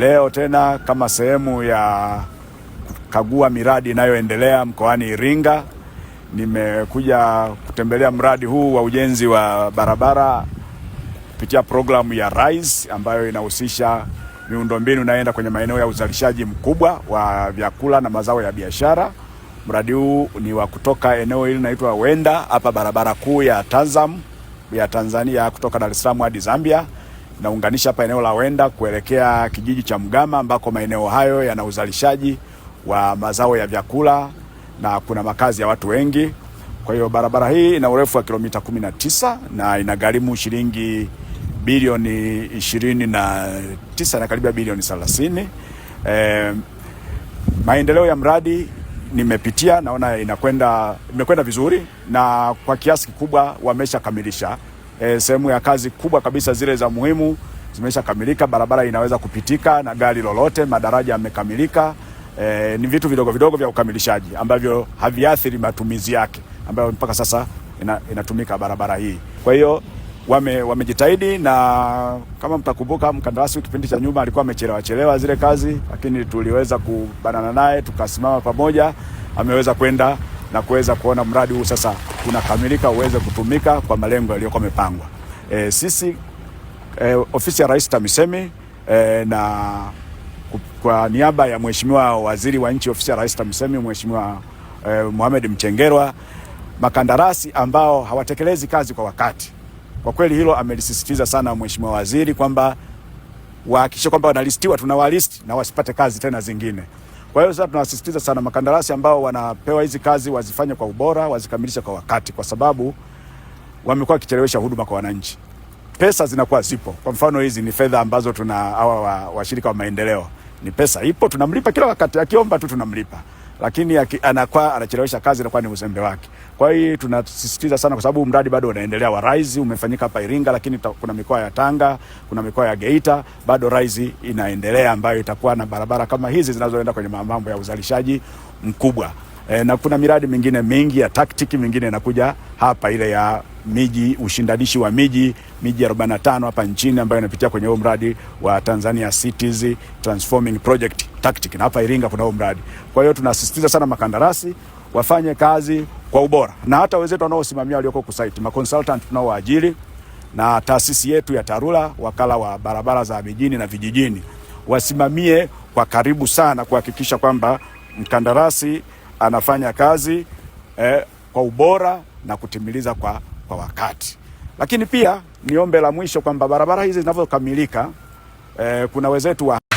leo tena kama sehemu ya kukagua miradi inayoendelea mkoani Iringa, nimekuja kutembelea mradi huu wa ujenzi wa barabara kupitia programu ya RISE ambayo inahusisha miundombinu inayoenda kwenye maeneo ya uzalishaji mkubwa wa vyakula na mazao ya biashara. Mradi huu ni wa kutoka eneo hili linaitwa Wenda hapa barabara kuu ya Tanzam ya Tanzania kutoka Dar es Salaam hadi Zambia inaunganisha hapa eneo la Wenda kuelekea kijiji cha Mgama ambako maeneo hayo yana uzalishaji wa mazao ya vyakula na kuna makazi ya watu wengi. Kwa hiyo barabara hii ina urefu wa kilomita 19 na inagharimu shilingi bilioni 29 na karibia bilioni 30. Eh, maendeleo ya mradi nimepitia, naona inakwenda imekwenda vizuri na kwa kiasi kikubwa wameshakamilisha e, sehemu ya kazi kubwa kabisa zile za muhimu zimeshakamilika, barabara inaweza kupitika na gari lolote, madaraja yamekamilika. E, ni vitu vidogo vidogo vya ukamilishaji ambavyo haviathiri matumizi yake ambayo mpaka sasa ina, inatumika barabara hii. Kwa hiyo wame wamejitahidi, na kama mtakumbuka, mkandarasi kipindi cha nyuma alikuwa amechelewa chelewa zile kazi, lakini tuliweza kubanana naye tukasimama pamoja, ameweza kwenda na kuweza kuona mradi huu sasa unakamilika uweze kutumika kwa malengo yaliyokuwa yamepangwa. E, sisi e, ofisi ya Rais TAMISEMI e, na kwa niaba ya Mheshimiwa Waziri wa Nchi ofisi ya Rais TAMISEMI Mheshimiwa e, Mohamed Mchengerwa, makandarasi ambao hawatekelezi kazi kwa wakati, kwa kweli hilo amelisisitiza sana Mheshimiwa Waziri kwamba wahakikishe kwamba wanalistiwa, tunawalisti na wasipate kazi tena zingine. Kwa hiyo sasa tunawasisitiza sana makandarasi ambao wanapewa hizi kazi wazifanye kwa ubora, wazikamilishe kwa wakati, kwa sababu wamekuwa wakichelewesha huduma kwa wananchi. Pesa zinakuwa zipo. Kwa mfano, hizi ni fedha ambazo tuna hawa washirika wa, wa maendeleo, ni pesa ipo, tunamlipa kila wakati, akiomba tu tunamlipa lakini anakuwa anachelewesha kazi, anakuwa ni uzembe wake. Kwa hiyo tunasisitiza sana, kwa sababu mradi bado unaendelea wa Rise, umefanyika hapa Iringa, lakini kuna mikoa ya Tanga, kuna mikoa ya Geita, bado Rise inaendelea, ambayo itakuwa na barabara kama hizi zinazoenda kwenye mambo ya uzalishaji mkubwa e, na kuna miradi mingine mingi ya taktiki mingine inakuja hapa, ile ya miji, ushindanishi wa miji miji 45 hapa nchini ambayo inapitia kwenye huo mradi wa Tanzania Cities Transforming Project Tactic, na hapa Iringa kuna huo mradi. Kwa hiyo tunasisitiza sana makandarasi wafanye kazi kwa ubora, na hata wenzetu wanaosimamia walioko kusaiti maconsultant tunaowaajiri na taasisi yetu ya TARURA wakala wa barabara za mijini na vijijini wasimamie kwa karibu sana kuhakikisha kwamba mkandarasi anafanya kazi eh, kwa ubora na kutimiliza kwa, kwa wakati. Lakini pia niombe la mwisho kwamba barabara hizi zinavyokamilika eh, kuna wezetu wa